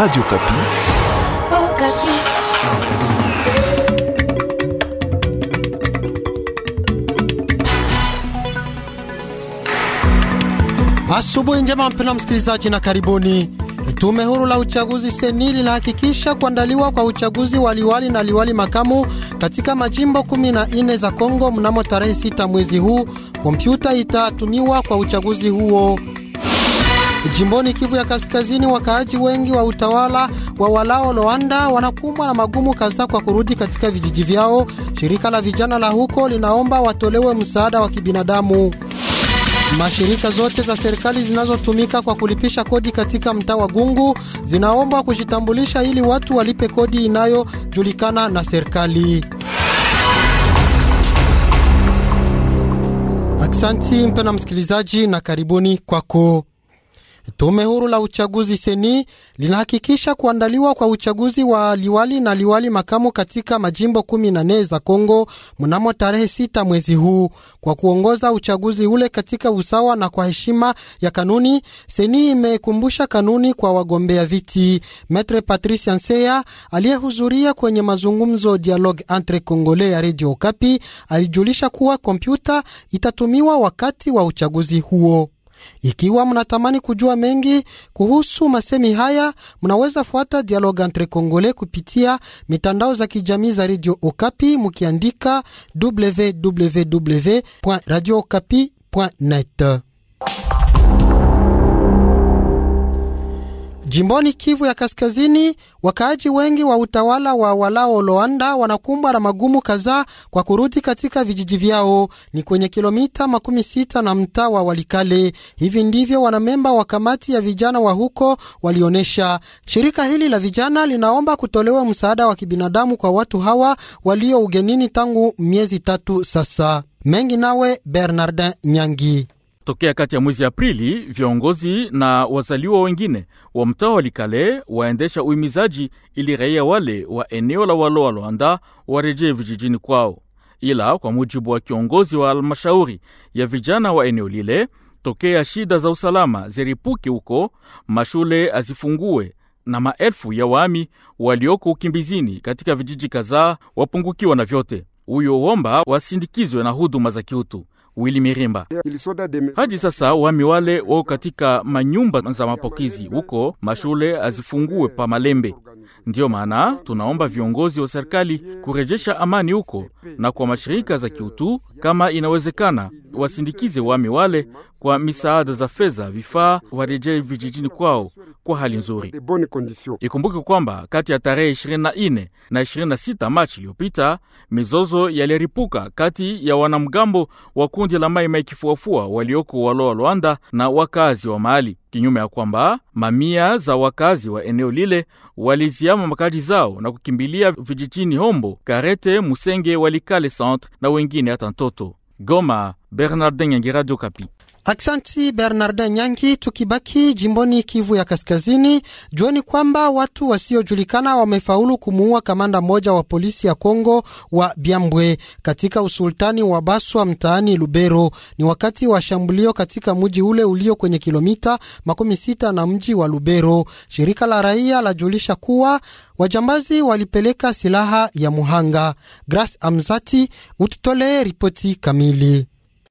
Radio Kapi. Oh, Kapi. Asubuhi njema mpena msikilizaji na karibuni. Tume huru la uchaguzi seni linahakikisha kuandaliwa kwa uchaguzi wa liwali na liwali makamu katika majimbo 14 za Kongo mnamo tarehe 6 mwezi huu. Kompyuta itatumiwa kwa uchaguzi huo. Jimboni Kivu ya Kaskazini, wakaaji wengi wa utawala wa walao Loanda wanakumbwa na magumu kadhaa kwa kurudi katika vijiji vyao. Shirika la vijana la huko linaomba watolewe msaada wa kibinadamu. Mashirika zote za serikali zinazotumika kwa kulipisha kodi katika mtaa wa Gungu zinaomba kujitambulisha ili watu walipe kodi inayojulikana na serikali. Aksanti mpena msikilizaji, na karibuni kwako. Tume huru la uchaguzi seni linahakikisha kuandaliwa kwa uchaguzi wa liwali na liwali makamu katika majimbo 14 za Kongo mnamo tarehe sita mwezi huu kwa kuongoza uchaguzi ule katika usawa na kwa heshima ya kanuni. Seni imekumbusha kanuni kwa wagombea viti. Maitre Patrice Nseya aliyehudhuria kwenye mazungumzo Dialogue Entre Congolais ya Radio Okapi alijulisha kuwa kompyuta itatumiwa wakati wa uchaguzi huo. Ikiwa mnatamani kujua mengi kuhusu masemi haya, mnaweza fuata Dialogue Entre Congolais kupitia mitandao za kijamii za Radio Okapi mukiandika www.radiookapi.net. Jimboni Kivu ya Kaskazini, wakaaji wengi wa utawala wa walao Loanda wanakumbwa na magumu kadhaa kwa kurudi katika vijiji vyao, ni kwenye kilomita makumi sita na mtaa wa Walikale. Hivi ndivyo wanamemba wa kamati ya vijana wa huko walionyesha. Shirika hili la vijana linaomba kutolewa msaada wa kibinadamu kwa watu hawa walio ugenini tangu miezi tatu sasa. Mengi nawe Bernardin Nyangi. Tokea kati ya mwezi Aprili, viongozi na wazaliwa wengine wa mtaa wa Likale waendesha uhimizaji ili raia wale wa eneo la walo wa Lwanda warejee vijijini kwao. Ila kwa mujibu wa kiongozi wa halmashauri ya vijana wa eneo lile, tokea shida za usalama ziripuki huko, mashule azifungue na maelfu ya waami walioko ukimbizini katika vijiji kadhaa wapungukiwa na vyote, huyo omba wasindikizwe na huduma za kiutu. Willy Mirimba. Hadi sasa wami wale wao katika manyumba za mapokizi huko, mashule azifungue pa Malembe. Ndiyo maana tunaomba viongozi wa serikali kurejesha amani huko na kwa mashirika za kiutu kama inawezekana, wasindikize wami wale kwa misaada za fedha, vifaa, warejee vijijini kwao kwa hali nzuri. Ikumbuke kwamba kati ya tarehe 24 na 26 Machi iliyopita mizozo yaliripuka kati ya wanamgambo wa kundi la Mai Kifuafua walioko Waloa Lwanda na wakazi wa mahali, kinyume ya kwamba mamia za wakazi wa eneo lile waliziama makazi zao na kukimbilia vijijini Hombo, Karete, Musenge, Walikale centre na wengine hata Ntoto. Soto. Goma, Bernardin radio Kapi. Aksanti Bernardin Nyangi. Tukibaki jimboni Kivu ya Kaskazini, jueni kwamba watu wasiojulikana wamefaulu kumuua kamanda mmoja wa polisi ya Kongo wa Byambwe katika usultani wa Baswa mtaani Lubero. Ni wakati wa shambulio katika mji ule ulio kwenye kilomita makumi sita na mji wa Lubero. Shirika la raia lajulisha kuwa wajambazi walipeleka silaha ya muhanga. Grace Amzati, ututolee ripoti kamili.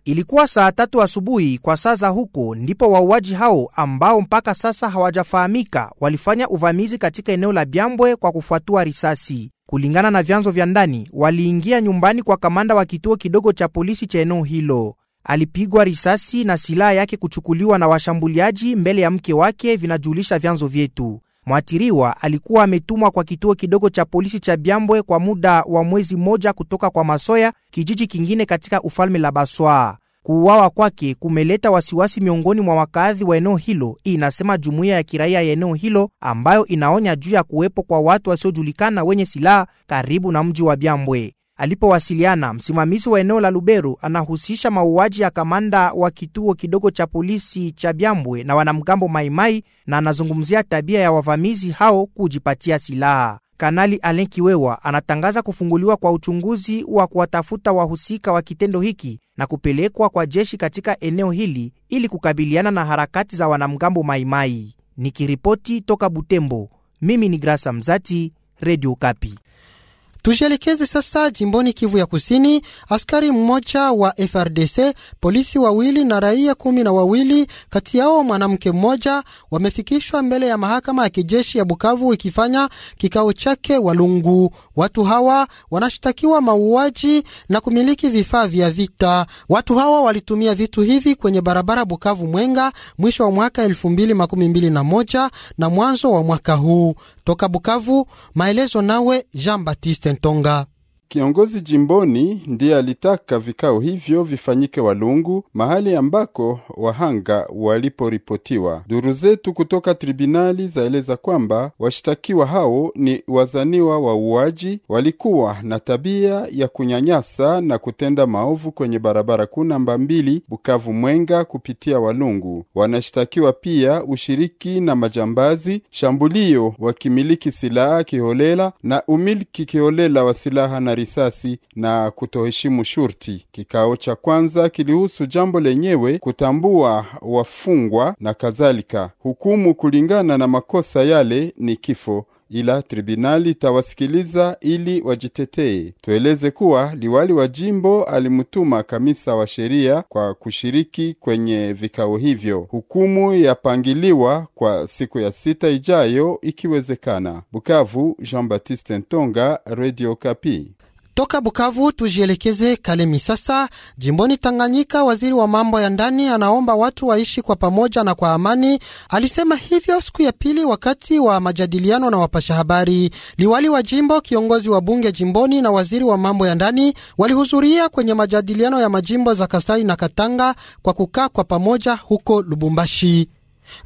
Ilikuwa saa tatu asubuhi kwa saa za huko ndipo wauaji hao ambao mpaka sasa hawajafahamika walifanya uvamizi katika eneo la Byambwe kwa kufuatua risasi. Kulingana na vyanzo vya ndani, waliingia nyumbani kwa kamanda wa kituo kidogo cha polisi cha eneo hilo. Alipigwa risasi na silaha yake kuchukuliwa na washambuliaji mbele ya mke wake, vinajulisha vyanzo vyetu. Mwathiriwa alikuwa ametumwa kwa kituo kidogo cha polisi cha Byambwe kwa muda wa mwezi mmoja kutoka kwa Masoya, kijiji kingine katika ufalme la Baswa. Kuuawa kwake kumeleta wasiwasi miongoni mwa wakazi wa eneo hilo, inasema jumuiya ya kiraia ya eneo hilo ambayo inaonya juu ya kuwepo kwa watu wasiojulikana wenye silaha karibu na mji wa Byambwe. Alipowasiliana, msimamizi wa eneo la Luberu anahusisha mauaji ya kamanda wa kituo kidogo cha polisi cha Byambwe na wanamgambo Maimai na anazungumzia tabia ya wavamizi hao kujipatia silaha. Kanali Alen Kiwewa anatangaza kufunguliwa kwa uchunguzi wa kuwatafuta wahusika wa kitendo hiki na kupelekwa kwa jeshi katika eneo hili ili kukabiliana na harakati za wanamgambo Maimai. Nikiripoti toka Butembo, mimi ni Grasa Mzati, Redio Kapi. Tujielekeze sasa jimboni Kivu ya Kusini. Askari mmoja wa FRDC, polisi wawili na raia kumi na wawili, kati yao mwanamke mmoja, wamefikishwa mbele ya mahakama ya kijeshi ya Bukavu ikifanya kikao chake Walungu. Watu hawa wanashtakiwa mauaji na kumiliki vifaa vya vita. Watu hawa walitumia vitu hivi kwenye barabara Bukavu Mwenga mwisho wa mwaka elfu mbili makumi mbili na moja na mwanzo wa mwaka huu. Toka Bukavu, maelezo nawe Jean Baptiste トンが Kiongozi jimboni ndiye alitaka vikao hivyo vifanyike Walungu, mahali ambako wahanga waliporipotiwa. Duru zetu kutoka tribunali zaeleza kwamba washtakiwa hao ni wazaniwa wa uaji, walikuwa na tabia ya kunyanyasa na kutenda maovu kwenye barabara kuu namba mbili Bukavu Mwenga kupitia Walungu. Wanashtakiwa pia ushiriki na majambazi, shambulio wakimiliki silaha kiholela na umiliki kiholela wa silaha na risasi na kutoheshimu shurti. Kikao cha kwanza kilihusu jambo lenyewe, kutambua wafungwa na kadhalika. Hukumu kulingana na makosa yale ni kifo, ila tribunali tawasikiliza ili wajitetee. Tueleze kuwa liwali wa jimbo alimtuma kamisa wa sheria kwa kushiriki kwenye vikao hivyo. Hukumu yapangiliwa kwa siku ya sita ijayo ikiwezekana. Bukavu, Jean Baptiste Ntonga, Radio Kapi. Toka Bukavu tujielekeze Kalemi sasa, jimboni Tanganyika. Waziri wa mambo ya ndani anaomba watu waishi kwa pamoja na kwa amani. Alisema hivyo siku ya pili wakati wa majadiliano na wapasha habari. Liwali wa jimbo, kiongozi wa bunge jimboni na waziri wa mambo ya ndani walihudhuria kwenye majadiliano ya majimbo za Kasai na Katanga kwa kukaa kwa pamoja huko Lubumbashi.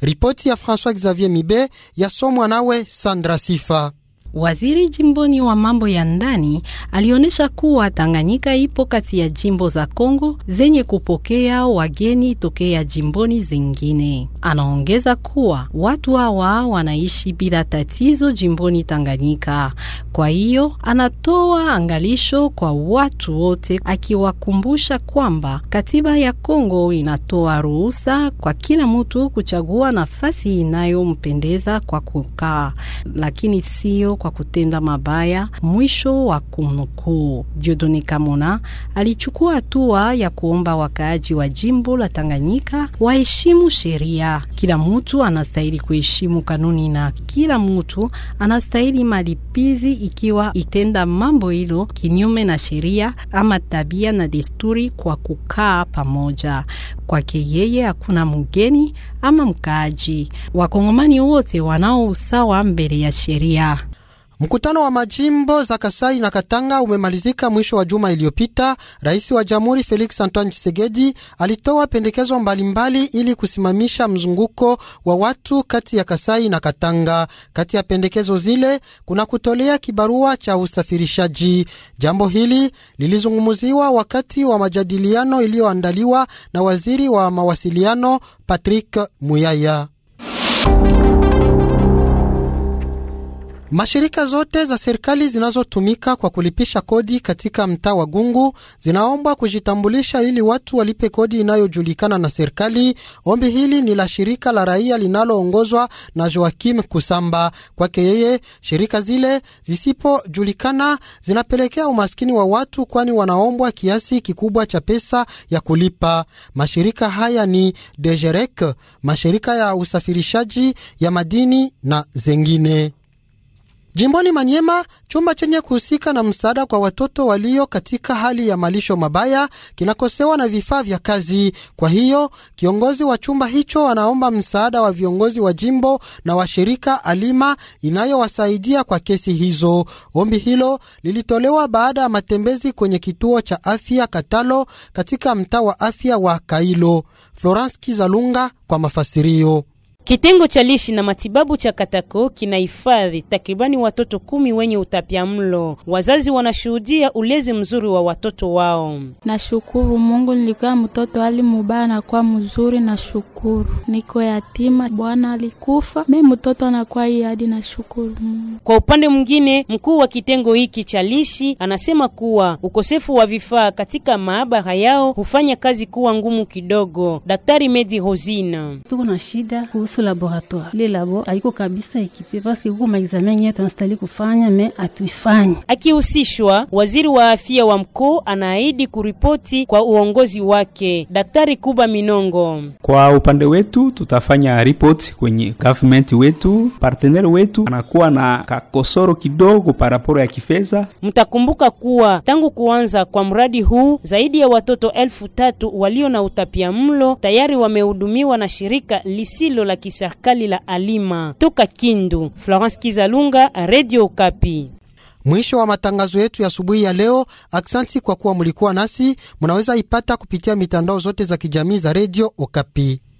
Ripoti ya François Xavier Mibe yasomwa nawe Sandra Sifa. Waziri jimboni wa mambo ya ndani alionyesha kuwa Tanganyika ipo kati ya jimbo za Kongo zenye kupokea wageni tokea jimboni zingine. Anaongeza kuwa watu hawa wanaishi bila tatizo jimboni Tanganyika. Kwa hiyo anatoa angalisho kwa watu wote, akiwakumbusha kwamba katiba ya Kongo inatoa ruhusa kwa kila mtu kuchagua nafasi inayompendeza kwa kukaa, lakini sio kwa kutenda mabaya. Mwisho wa kunukuu. Diodone Kamona alichukua hatua ya kuomba wakaaji wa jimbo la Tanganyika waheshimu sheria. Kila mtu anastahili kuheshimu kanuni na kila mtu anastahili malipizi ikiwa itenda mambo hilo kinyume na sheria ama tabia na desturi kwa kukaa pamoja. Kwake yeye hakuna mgeni ama mkaaji. Wakongomani wote wanao usawa mbele ya sheria. Mkutano wa majimbo za Kasai na Katanga umemalizika mwisho wa juma iliyopita. Rais wa Jamhuri Felix Antoine Chisegedi alitoa pendekezo mbalimbali ili kusimamisha mzunguko wa watu kati ya Kasai na Katanga. Kati ya pendekezo zile kuna kutolea kibarua cha usafirishaji. Jambo hili lilizungumziwa wakati wa majadiliano iliyoandaliwa na waziri wa mawasiliano Patrick Muyaya. Mashirika zote za serikali zinazotumika kwa kulipisha kodi katika mtaa wa Gungu zinaombwa kujitambulisha ili watu walipe kodi inayojulikana na serikali. Ombi hili ni la shirika la raia linaloongozwa na Joakim Kusamba. Kwake yeye, shirika zile zisipojulikana zinapelekea umaskini wa watu, kwani wanaombwa kiasi kikubwa cha pesa ya kulipa. Mashirika haya ni Dejerek, mashirika ya usafirishaji ya madini na zengine. Jimboni Manyema, chumba chenye kuhusika na msaada kwa watoto walio katika hali ya malisho mabaya kinakosewa na vifaa vya kazi. Kwa hiyo kiongozi wa chumba hicho anaomba msaada wa viongozi wa jimbo na washirika alima inayowasaidia kwa kesi hizo. Ombi hilo lilitolewa baada ya matembezi kwenye kituo cha afya Katalo katika mtaa wa afya wa Kailo. Florence Kizalunga kwa mafasirio. Kitengo cha lishi na matibabu cha Katako kinahifadhi takribani watoto kumi wenye utapiamlo. Wazazi wanashuhudia ulezi mzuri wa watoto wao. Nashukuru Mungu, nilikuwa mtoto ali mubaya na kwa mzuri. Nashukuru niko yatima, bwana alikufa, me mtoto anakuwa hii hadi. Nashukuru Mungu. Kwa upande mwingine, mkuu wa kitengo hiki cha lishi anasema kuwa ukosefu wa vifaa katika maabara yao hufanya kazi kuwa ngumu kidogo. Daktari Medi Hozina: tuko na shida kuhusu laboratoire. le labo haiko ah, kabisa ekipe paske kuko maexamen yetu tunastahili kufanya me atuifanyi. Akihusishwa, waziri wa afya wa mkoo anaahidi kuripoti kwa uongozi wake. Daktari Kuba Minongo: kwa upande wetu tutafanya report kwenye government wetu, partenaire wetu anakuwa na kakosoro kidogo paraporo ya kifedha. Mtakumbuka kuwa tangu kuanza kwa mradi huu zaidi ya watoto elfu tatu walio na utapia mlo tayari wamehudumiwa na shirika lisilo la kiserikali la Alima. Toka Kindu, Florence Kizalunga, Radio Kapi. Mwisho wa matangazo yetu ya asubuhi ya leo. Aksanti kwa kuwa mlikuwa nasi. Mnaweza ipata kupitia mitandao zote za kijamii za Radio Okapi.